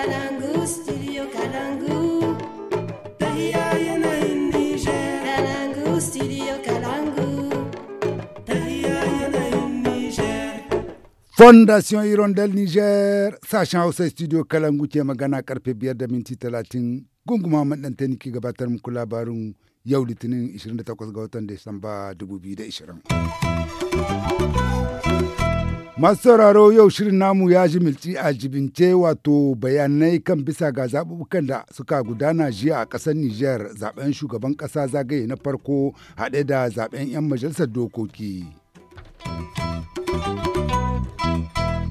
Kalangu, studio Kalangu. Niger. Kalangu, studio Kalangu. Niger. Fondation Hirondelle Niger, sashen Hausa studio Kalangu ke magana karfe biyar da minti talatin gunguma maɗanta ni ke gabatar muku labarin yau litinin 28 ga watan Disamba 2020. Masu sauraro yau shirin namu ya ji milci a jibince wato bayanai kan bisa ga zaɓuɓɓukan da suka gudana jiya a ƙasar Nijar zaɓen shugaban ƙasa zagaye na farko haɗe da zaɓen 'yan majalisar dokoki.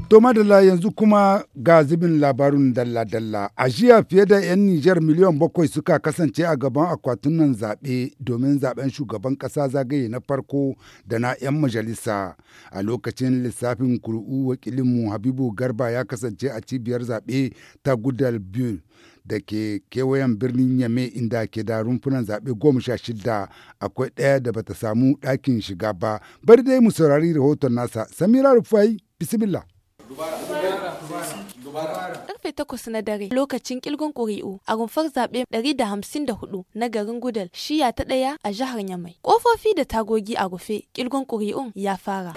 To madalla yanzu kuma ga zubin labarun dalla-dalla. A jiya fiye da 'yan Nijar miliyan bakwai suka kasance a gaban akwatin nan zaɓe domin zaɓen shugaban ƙasa zagaye na farko da na 'yan majalisa. A lokacin lissafin kuri'u wakilinmu Habibu Garba ya kasance a cibiyar zaɓe ta Gudal Bill da ke kewayen birnin Yame inda ke da rumfunan zaɓe goma sha shida akwai ɗaya da bata samu ɗakin shiga ba. Bari dai mu saurari rahoton nasa. Samira Rufai, bismillah. Karfe takwas na dare lokacin kilgon ƙuri'u a rumfar zaɓe da da hamsin 154 na garin Gudal shiya ta ɗaya a jihar Nyamai. Ƙofofi da tagogi a rufe kilgon ƙuri'un ya fara.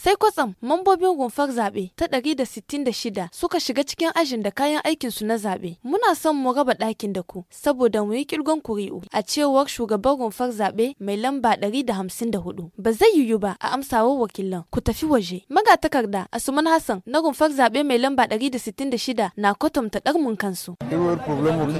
Sai kwatsam mambobin rumfar zaɓe ta 166 suka shiga cikin ajin da kayan aikinsu na zaɓe. Muna son mu raba ɗakin da ku saboda mu yi kirgon kuri'u a cewar shugaban rumfar zaɓe mai lamba 154. Ba zai yiwu ba a amsawa wakilan ku tafi waje. Magatakarda Asuman Hassan na rumfar zaɓe mai lamba 166 na kwatanta ɗarmun kansu.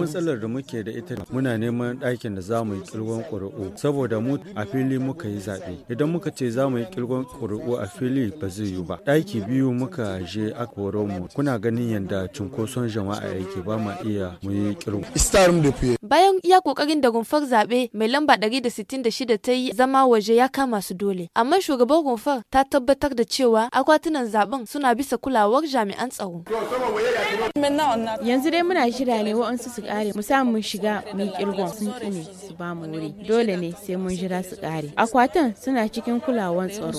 matsalar da muke da ita muna neman ɗakin da za mu yi kirgon kuri'u saboda mu a fili muka yi zaɓe. Idan muka ce za mu yi kirgon kuri'u a fili ba zai yiwu ba ɗaki biyu muka je aka mu kuna ganin yadda cunkoson jama'a yake ba ma iya mu yi kirgu bayan iya kokarin da rumfar zaɓe mai lamba 166 ta yi zama waje ya kama su dole amma shugaban rumfar ta tabbatar da cewa akwatunan zaben suna bisa kulawar jami'an tsaro yanzu dai muna shirya ne wa'ansu su kare mu samu shiga mu kirgon sun kine su ba mu wuri dole ne sai mun jira su kare akwatan suna cikin kulawar tsaro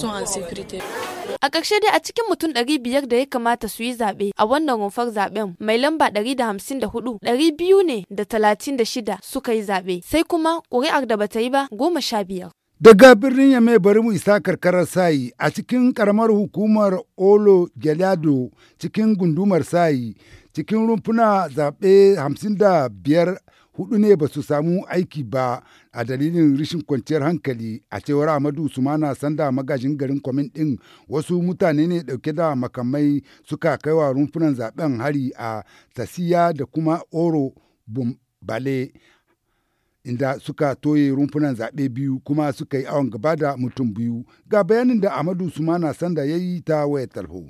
A ƙarshe dai a cikin mutum ɗari biyar da ya kamata su yi zaɓe a wannan rumfar zaɓen mai lamba ɗari da hamsin da hudu ɗari biyu ne da talatin da shida suka yi zaɓe sai kuma ƙuri'ar da bata yi ba goma sha biyar. Daga birnin Yame bari mu isa karkarar sayi a cikin karamar hukumar Olo Gelado cikin gundumar sayi cikin rumfuna zaɓe hamsin da biyar hudu ne ba su samu aiki ba a dalilin rashin kwanciyar hankali a cewar Amadu Sumana Sanda magajin garin kwamin din wasu mutane ne dauke da makamai suka kaiwa rumfunan zaben hari a Tasiya da kuma Oro Bumbale inda suka toye rumfunan zaɓe biyu kuma suka yi awon gaba da mutum biyu ga bayanin da Amadu Sumana Sanda ya yi ta wayar tarho.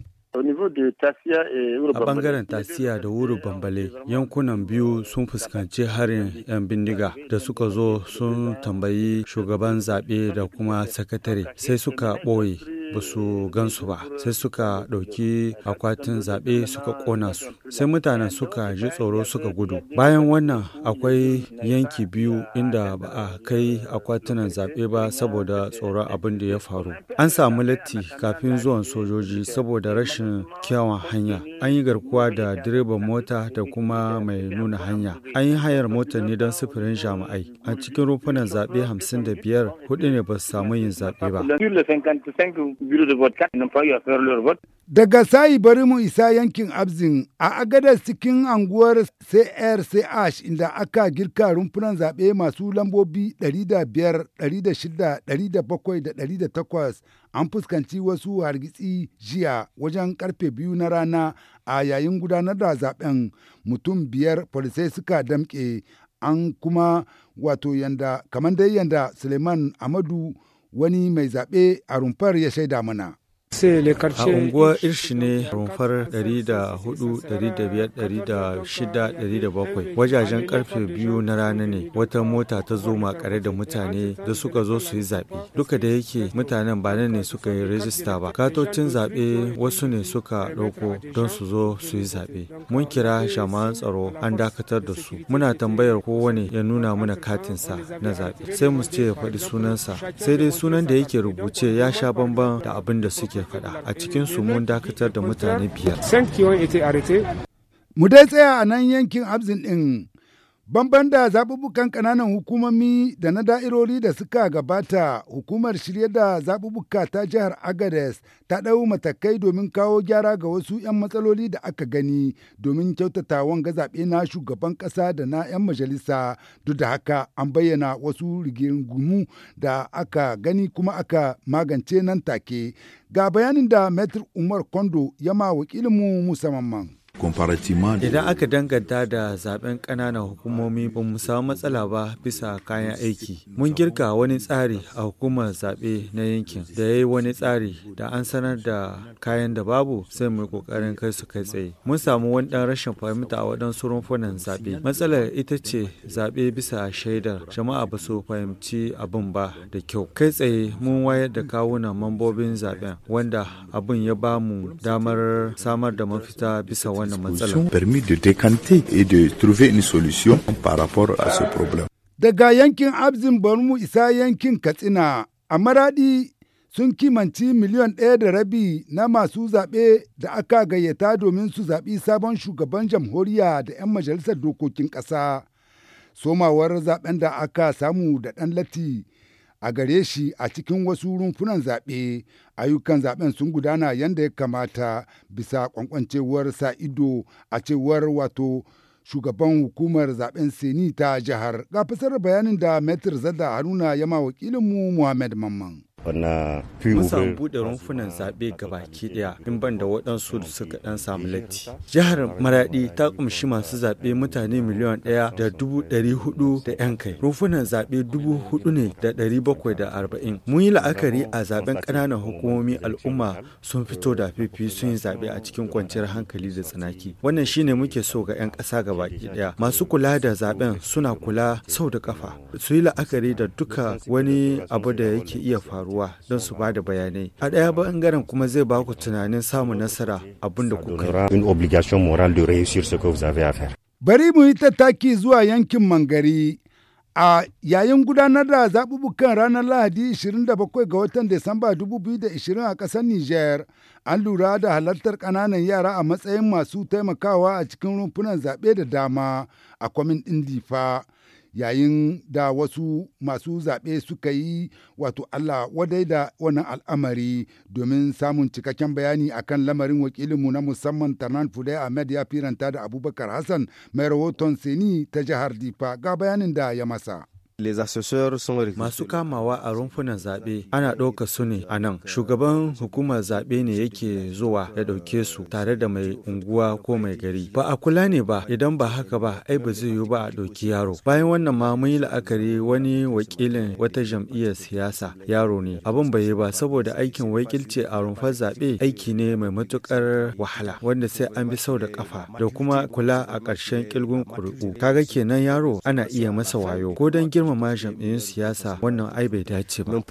A bangaren tasiya da wuri bambale euh, yankunan euh, biyu sun fuskanci harin 'yan bindiga da suka zo sun tambayi shugaban zaɓe da kuma sakatare sai suka ɓoye ba su gansu ba sai suka ɗauki akwatin zaɓe suka ƙona su sai mutanen suka ji tsoro suka gudu bayan wannan akwai yanki biyu inda ba a kai akwatunan zaɓe ba saboda tsoro abin da ya faru an samu latti kafin zuwan sojoji saboda rashin kyawun hanya an yi garkuwa da direban mota da kuma mai nuna hanya an yi hayar motar ne don sufurin jami'ai a cikin rufunan zaɓe 55 hudu ne ba su samu yin zaɓe ba bureau de vote kan n'ont pas eu faire leur vote. Daga sai bari mu isa yankin Abzin a agada cikin anguwar CRCH inda aka girka rumfunan zabe masu lambobi 105, 106, 107 da 108 an fuskanci wasu hargitsi jiya wajen karfe biyu na rana a yayin gudanar da zaben mutum biyar polisai suka damke an kuma wato yanda kamar dai yanda Suleiman Amadu wani mai zaɓe a rumfar ya shaida mana. A unguwar Irshi ne rumfar 104,506,107 wajajen karfe biyu na rana ne wata mota ta zo makare da mutane da suka zo su yi zaɓe. Duka da yake mutanen ba nan ne suka yi rajista ba. Katocin zaɓe wasu ne suka ɗauko don su zo su yi zaɓe. Mun kira shaman tsaro an dakatar da su. Muna tambayar kowane ya nuna mana katinsa na zaɓe. Sai mu ce ya faɗi sunansa. Sai dai sunan da yake rubuce ya sha bamban da abin suke ke faɗa a cikin su mun dakatar da mutane biyar. Mu dai tsaya a nan yankin Abzin ɗin Banban da zaɓuɓɓukan ƙananan hukumomi da na da'irori da suka gabata, hukumar shirye da Zabubuka ta jihar Agades ta ɗau matakai domin kawo gyara ga wasu 'yan matsaloli da aka gani domin kyautata wanga zaɓe na shugaban ƙasa da na 'yan majalisa. Duk da haka an bayyana wasu rigingumu da aka gani kuma aka magance nan take. Ga bayanin da Metr Umar Kondo ya ma wakilinmu Musa Mamman. Idan aka danganta da zaben ƙananan hukumomi ba mu samu matsala ba bisa kayan aiki. Mun girka wani tsari a hukumar zaɓe na yankin da ya yi wani tsari da an sanar da kayan da babu sai mu ƙoƙarin kai su kai tsaye. Mun samu wani ɗan rashin fahimta a waɗansu rumfunan zaɓe. Matsalar ita ce zaɓe bisa shaidar jama'a ba su fahimci abin ba da kyau. Kai tsaye mun wayar da kawunan mambobin zaɓen wanda abin ya ba mu damar samar da mafita bisa wani wannan Permis de décanter et de trouver une solution par rapport à ce problème. Daga yankin Abzin bari isa yankin Katsina a Maradi sun kimanci miliyan ɗaya da rabi na masu zaɓe da aka gayyata domin su zaɓi sabon shugaban jamhuriya da 'yan majalisar dokokin ƙasa. Somawar zaɓen da aka samu da ɗan latti a gare shi a cikin wasu rumfunan zaɓe ayyukan zaɓen sun gudana yadda ya kamata bisa kwankwancewar sa ido a cewar wato shugaban hukumar zaɓen seni ta jihar ga fasar bayanin da metir zada haruna yama wakilinmu muhammed mamman mun samu buɗe rumfunan zaɓe baki ɗaya in ban da waɗansu da suka ɗan samu latti jihar maraɗi ta ƙumshi masu zaɓe mutane miliyan ɗaya da dubu ɗari hudu da yan kai rumfunan zaɓe dubu hudu ne da ɗari bakwai da arba'in mun yi la'akari a zaɓen ƙananan hukumomi al'umma sun fito da fifi sun yi zaɓe a cikin kwanciyar hankali da tsanaki wannan shine muke so ga 'yan ƙasa ga baki ɗaya masu kula da zaɓen suna kula sau da kafa su yi la'akari da duka wani abu da yake iya faruwa ruwa don su ba da bayanai a ɗaya bangaren kuma zai ba ku tunanin samun nasara abin da kuka bari mu yi tattaki zuwa yankin mangari a yayin gudanar da zaɓuɓɓukan ranar lahadi 27 ga watan disamba 2020 a ƙasar niger an lura da halartar ƙananan yara a matsayin masu taimakawa a cikin rumfunan zaɓe da dama a kwamin ɗin difa yayin da wasu masu zaɓe suka yi wato Allah wadai da wannan al'amari domin samun cikakken bayani akan lamarin wakilinmu na musamman Tanan Fudai Ahmed ya firanta da Abubakar Hassan mai rahoton Seni ta jihar Difa ga bayanin da ya masa. Masu kamawa a rumfunan zaɓe ana ɗauka su ne a nan. Shugaban hukumar zaɓe ne yake zuwa ya ɗauke su tare da mai unguwa ko mai gari. Ba a kula ne ba idan ba haka ba ai ba zai yiwu ba a ɗauki yaro. Bayan wannan ma mun yi la'akari wani wakilin wata jam'iyyar siyasa yaro ne. Abin bai yi ba saboda aikin wakilci a rumfar zaɓe aiki ne mai matuƙar wahala wanda sai an bi sau da ƙafa da kuma kula a ƙarshen ƙilgun ƙuri'u. Kaga kenan yaro ana iya masa wayo ko don girma girmama jam'iyyun siyasa wannan ai bai dace ba.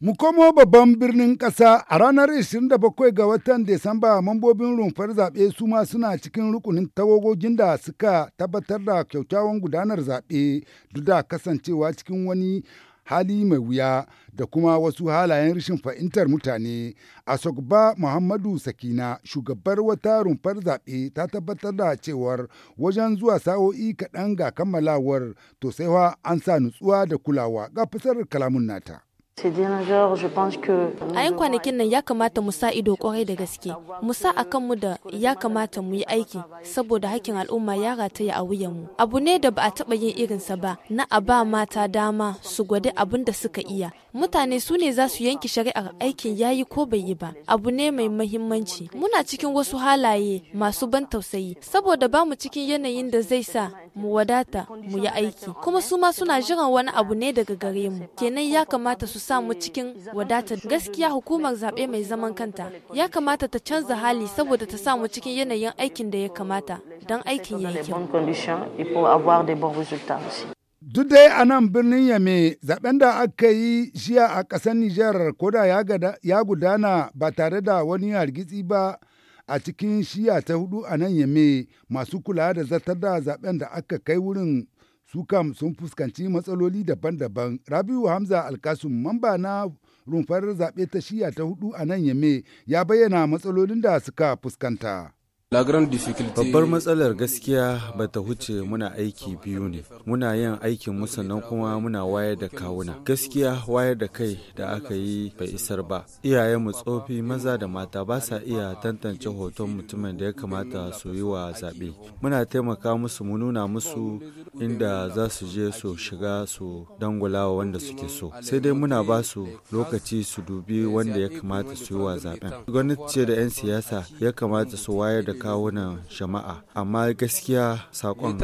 Mu komo babban birnin ƙasa a ranar 27 ga watan Desamba mambobin rumfar zaɓe su ma suna cikin rukunin tawagogin da suka tabbatar da kyaukyawan gudanar zaɓe duk da kasancewa cikin wani hali mai wuya da kuma wasu halayen rashin fahimtar mutane a sokba muhammadu sakina shugabar wata rumfar zaɓe ta tabbatar da cewar wajen zuwa sa'o'i kaɗan ga kammalawar to sai an sa nutsuwa da kulawa ga fasar kalamun nata. A yan kwanakin nan ya kamata mu sa ido kwarai da gaske, mu sa a kanmu da ya kamata mu yi aiki saboda hakkin al'umma ya rataya a mu. Abu ne da ba a taɓa yin irinsa ba na a ba mata dama su gwada abin da suka iya. Mutane su ne za su yanke shari'ar aikin yayi ko bai yi ba. Abu ne mai mahimmanci. Muna cikin wasu halaye masu ban tausayi saboda ba mu cikin yanayin da zai sa mu wadata mu yi aiki. Kuma su ma suna jiran wani abu ne daga gare mu. Kenan ya kamata su sa mu cikin wadatar gaskiya hukumar zaɓe mai zaman kanta ya kamata ta canza hali saboda ta samu cikin yanayin aikin da ya kamata don aikin ya yi Duk dai a nan birnin Yame zaben da aka yi jiya a ƙasar Nijar koda ya gudana ba tare da wani hargitsi ba a cikin shiya ta hudu a nan Yame masu kula da zartar da zaben da aka kai wurin su kam sun fuskanci matsaloli daban-daban rabiu hamza alkasum mamba na rumfar zaɓe ta shiya ta hudu a nan yame ya bayyana matsalolin da suka fuskanta Babbar matsalar gaskiya ba ta huce muna aiki biyu ne. Muna yin aikin mu sannan kuma muna wayar da kawuna. Gaskiya wayar da kai da aka yi bai isar ba. Iyayenmu tsofi maza da mata ba sa iya tantance hoton mutumin da ya kamata su yi wa zaɓe. Muna taimaka musu mu nuna musu inda za su je su shiga su dangula wa wanda suke so. Sai dai muna ba su lokaci su dubi wanda ya kamata su yi wa zaɓen. Gwamnati ce da 'yan siyasa ya kamata su wayar da na jama'a amma gaskiya sakon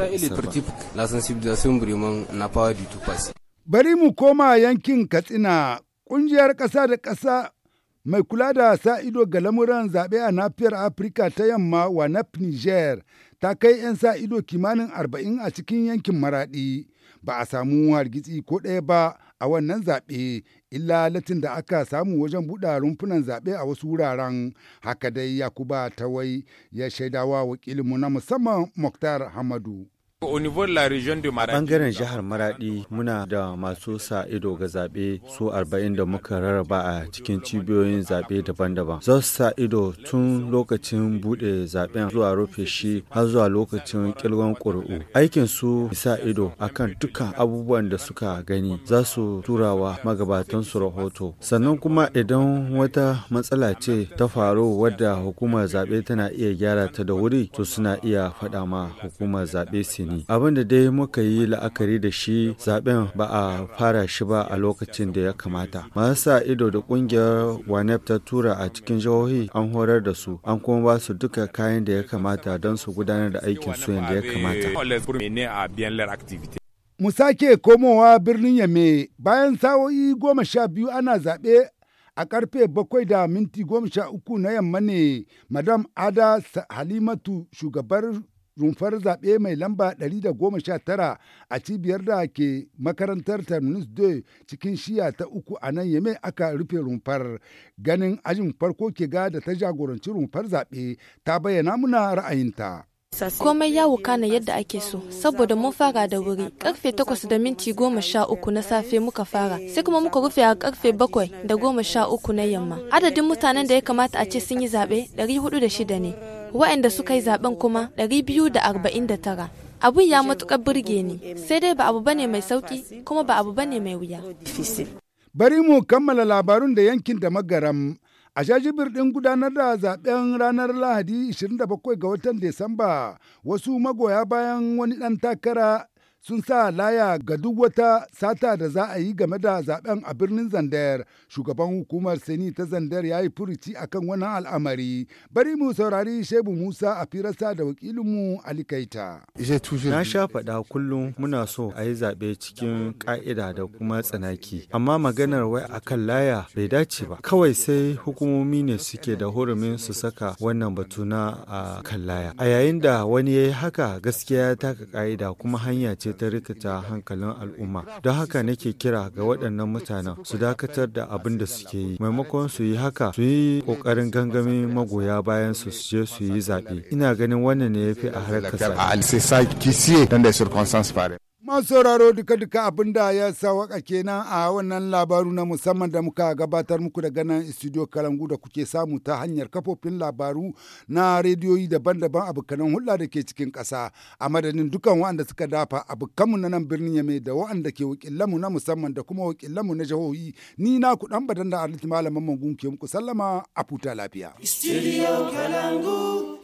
bari mu koma yankin katsina ƙungiyar ƙasa da ƙasa mai kula da sa ido ga lamuran zaɓe a nafiyar afirka ta yamma wa naf niger ta kai 'yan sa ido kimanin arba'in a cikin yankin maraɗi ba a samu hargitsi ko ɗaya ba a wannan zaɓe illa latin da aka samu wajen buɗa rumfunan zaɓe a wasu wuraren haka dai yakuba tawai ya shaidawa wakilinmu na musamman muktar hamadu A bangaren jihar Maradi muna da masu sa ido ga zaɓe su arba'in da muka rarraba a cikin cibiyoyin zaɓe daban-daban. Za su sa ido tun lokacin buɗe zaɓen zuwa rufe shi har zuwa lokacin kilwan ƙuri'u. Aikin su sa ido akan dukkan abubuwan da suka gani za su turawa magabatan su rahoto. Sannan kuma idan wata matsala ce ta faru wadda hukumar zaɓe tana iya gyara ta da wuri to suna iya faɗa ma hukumar zaɓe sin gani abin da dai muka yi la'akari da shi zaben ba a fara shi ba a lokacin da ya kamata masu ido da kungiyar wanep ta tura a cikin jihohi an horar da su an kuma ba su duka kayan da ya kamata don su gudanar da aikin su yadda ya kamata mu sake komowa birnin yame bayan sa'o'i goma sha biyu ana zaɓe a karfe bakwai da minti goma sha uku na yamma ne madam ada halimatu shugabar rumfar zaɓe mai lamba 119 a cibiyar da ke makarantar terminus 2 cikin shiya ta uku a nan yame aka rufe rumfar ganin ajin farko ke ga da ta jagoranci rumfar zaɓe ta bayyana muna ra'ayinta. komai ya wukana yadda ake so saboda mun fara da wuri karfe takwas da minti goma sha uku na safe muka fara sai kuma muka rufe a karfe bakwai da goma sha uku na yamma adadin mutanen da ya kamata a ce sun yi zaɓe ɗari hudu da shida ne waɗanda suka yi zaben kuma 249 abun ya matuƙar burge ni sai dai ba abu bane mai sauƙi kuma ba abu bane mai wuya bari mu kammala labarun da yankin da magaram a shajibir ɗin gudanar da zaɓen ranar lahadi 27 ga watan desamba wasu magoya bayan wani ɗan takara sun sa laya ga duk wata sata da za a yi game da zaben a birnin Zandayar. Shugaban hukumar Sani ta Zandayar ya yi furuci akan wannan al'amari. Bari mu saurari Shebu Musa a firarsa da wakilinmu Ali Kaita. Na sha faɗa kullum muna so a yi zaɓe cikin ƙa'ida da kuma tsanaki. Amma maganar wai kan laya bai dace ba. Kawai sai hukumomi ne suke da hurumin su saka wannan batuna a kan laya. A yayin da wani ya yi haka gaskiya ya taka ƙa'ida kuma hanya ce ce ta rikita hankalin al'umma. Don haka nake kira ga waɗannan mutanen su dakatar da abin da suke yi. Maimakon su yi haka su yi ƙoƙarin gangamin magoya bayan su su je su yi zaɓe. Ina ganin wannan ne ya fi a harkar sa. sauraro duka-duka abin da ya sawaka kenan a wannan labaru na musamman da muka gabatar muku daga nan studio kalangu da kuke samu ta hanyar kafofin labaru na rediyoyi daban-daban abokanan hulɗa da ke cikin ƙasa a madadin dukan waɗanda suka dafa abokanmu na nan birnin yame da waɗanda ke wakilanmu na musamman da kuma wakilanmu na jihohi ni na ku dan badan da arziki malaman mangun ke muku sallama a futa lafiya. Studio Kalangu.